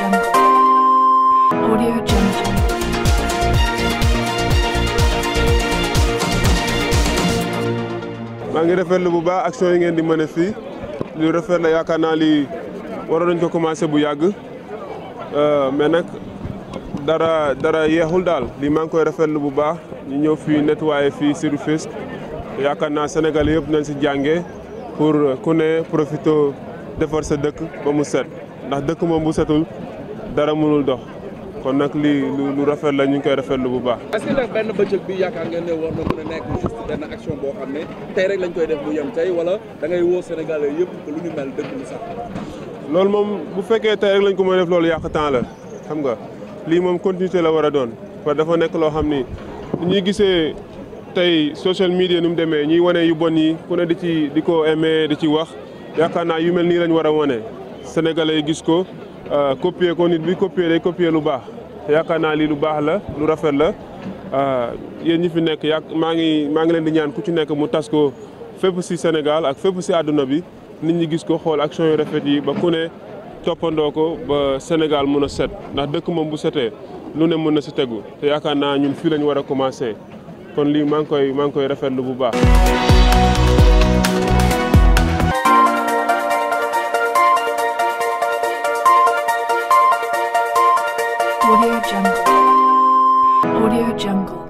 Jungle. Audio Jungle. maa ngi rafetlu bu baax action yi ngeen di mën a fii lu rafet la yaakaar naa lii nañ ko commencé bu yàgg euh, mais nag dara dara yeexul daal lii maa ngi koy rafetlu bu baax ñu ñëw fii nettoyé fii si Rufisque yaakaar naa Sénégal yëpp nañ si jàngee pour ku ne profito defar sa dëkk ba mu set ndax dëkk moom bu setul dara mënul dox kon nag lii lu rafet la ñu ngi koy rafetlu bu baax. est-ce que nag benn bëccëg bi yaakaar ngeen ne war na mën a nekk juste benn action boo xam ne tey rek lañ koy def bu yem tey wala dangay woo Sénégalais yëpp que lu ñu mel dëkk lu sax. loolu moom bu fekkee tey rek lañ ko mën loolu yàq temps la xam nga lii moom continuité la war a doon parce dafa nekk loo xam ni ñuy gisee tey social media nu mu demee ñuy wane yu bon yi ku ne di ci di ko aimé di ci wax yaakaar naa yu mel nii lañ war a wane sénégalais yi gis ko. Euh, copier ko nit bi copier day copier lu baax yaakaar naa lii lu baax la lu rafet la euh, yéen ñi fi nekk yak maa ngi maa ngi leen di ñaan ku ci nekk mu tas ko fépp si Sénégal ak fépp si àdduna bi ni ñi gis ko xool action yu rafet yi ba ku ne toppandoo ko ba Sénégal mun a set ndax dëkk moom bu setee lu ne mën na si tegu te yaakaar naa ñun fii lañ war a commencé kon lii maa ngi koy maa ngi koy rafetlu bu baax. Audio Jungle. Audio Jungle.